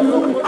Thank you.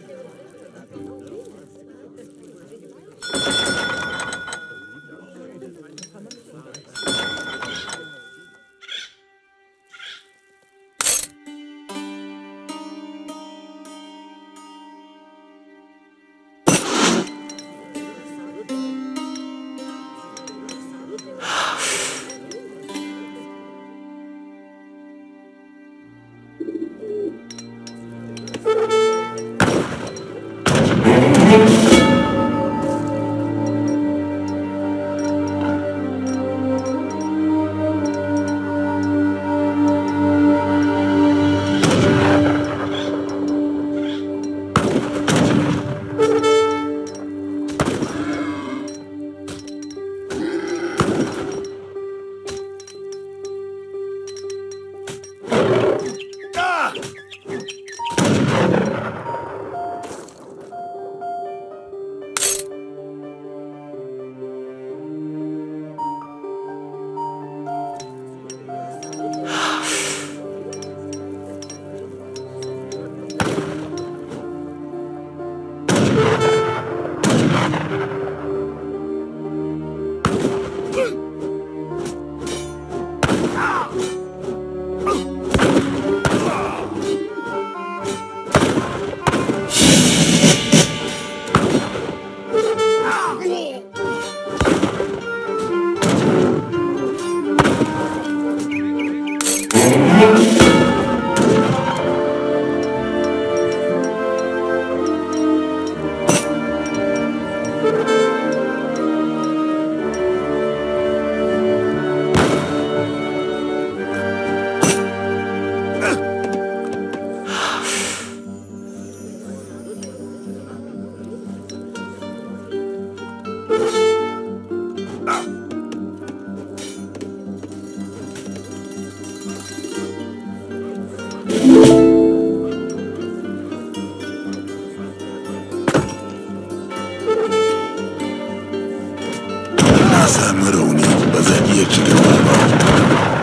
Ooh. sami rauni ba zan iya ci gaba ba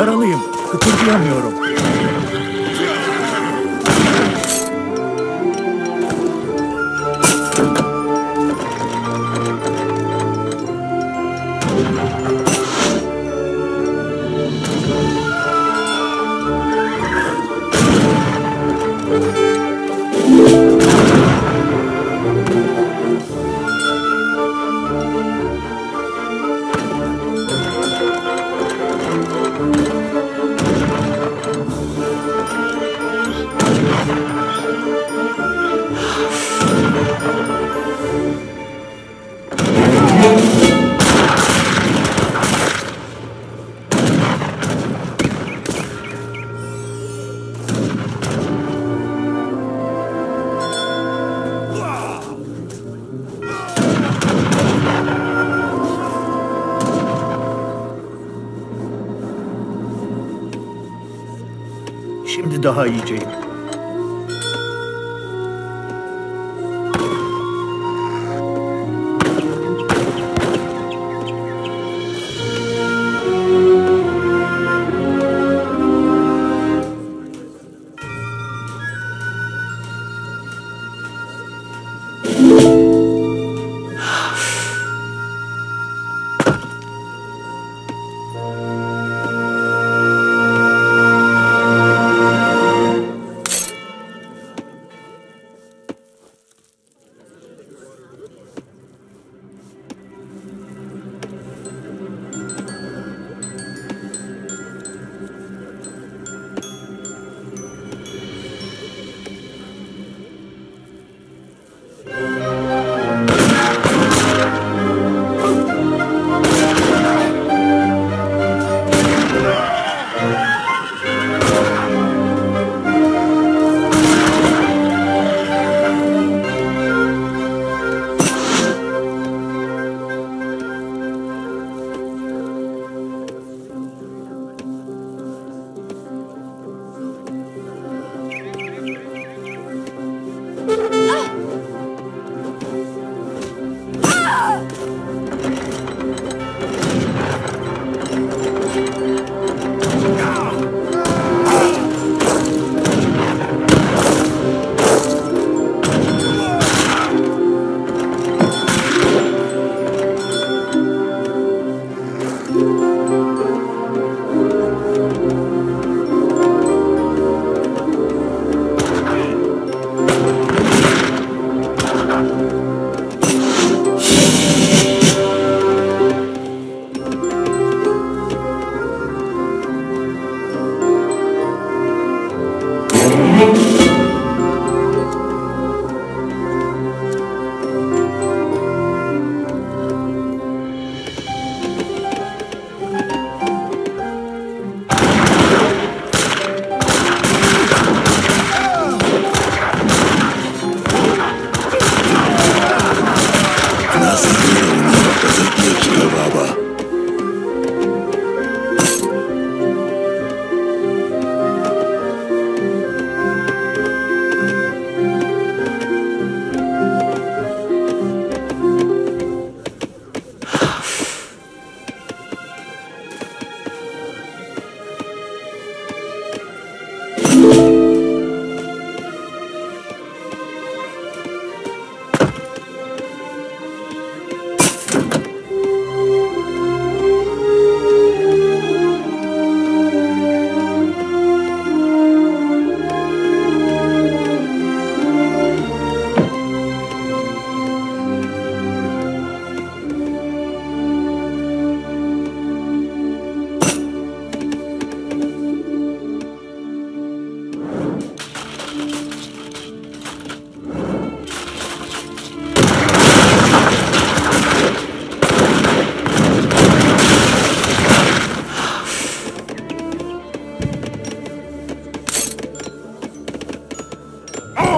Yaralıyım. Kıpırdayamıyorum. daha yiyeceğim.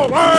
All right.